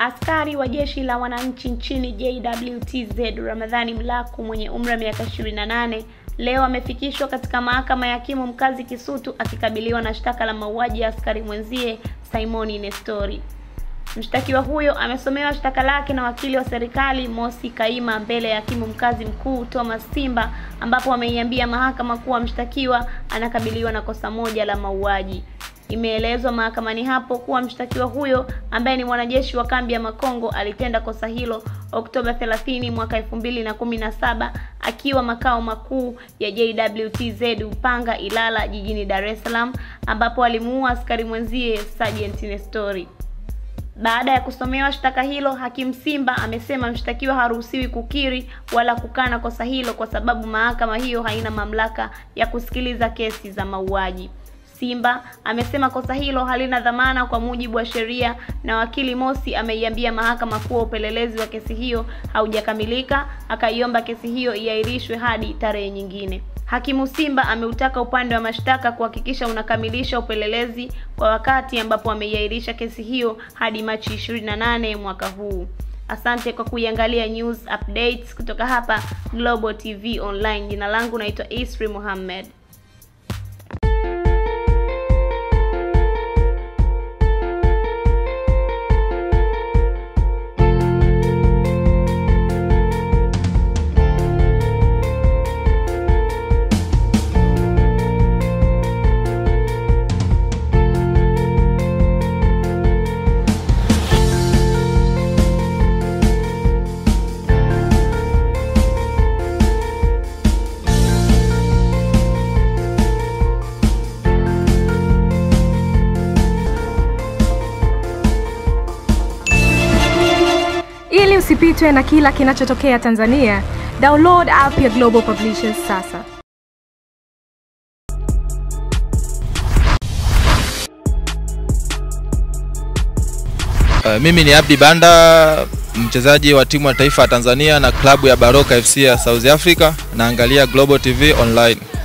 Askari wa jeshi la wananchi nchini JWTZ Ramadhani Mlaku mwenye umri wa miaka 28 leo amefikishwa katika mahakama ya hakimu mkazi Kisutu akikabiliwa na shtaka la mauaji ya askari mwenzie Simoni Nestori. Mshtakiwa huyo amesomewa shtaka lake na wakili wa serikali Mosi Kaima mbele ya hakimu mkazi mkuu Thomas Simba ambapo ameiambia mahakama kuwa mshtakiwa anakabiliwa na kosa moja la mauaji. Imeelezwa mahakamani hapo kuwa mshtakiwa huyo ambaye ni mwanajeshi wa kambi ya Makongo alitenda kosa hilo Oktoba 30 mwaka 2017 akiwa makao makuu ya JWTZ Upanga Ilala jijini Dar es Salaam ambapo alimuua askari mwenzie Sergeant Nestori. Baada ya kusomewa shtaka hilo, Hakim Simba amesema mshtakiwa haruhusiwi kukiri wala kukana kosa hilo kwa sababu mahakama hiyo haina mamlaka ya kusikiliza kesi za mauaji. Simba amesema kosa hilo halina dhamana kwa mujibu wa sheria, na wakili Mosi ameiambia mahakama kuwa upelelezi wa kesi hiyo haujakamilika, akaiomba kesi hiyo iahirishwe hadi tarehe nyingine. Hakimu Simba ameutaka upande wa mashtaka kuhakikisha unakamilisha upelelezi kwa wakati, ambapo ameiahirisha kesi hiyo hadi Machi 28 mwaka huu. Asante kwa kuiangalia news updates kutoka hapa Global TV Online. Jina langu naitwa Isri Muhammad. Usipitwe na kila kinachotokea Tanzania. Download app ya Global Publishers sasa. Uh, mimi ni Abdi Banda, mchezaji wa timu ya taifa ya Tanzania na klabu ya Baroka FC ya South Africa, naangalia Global TV Online.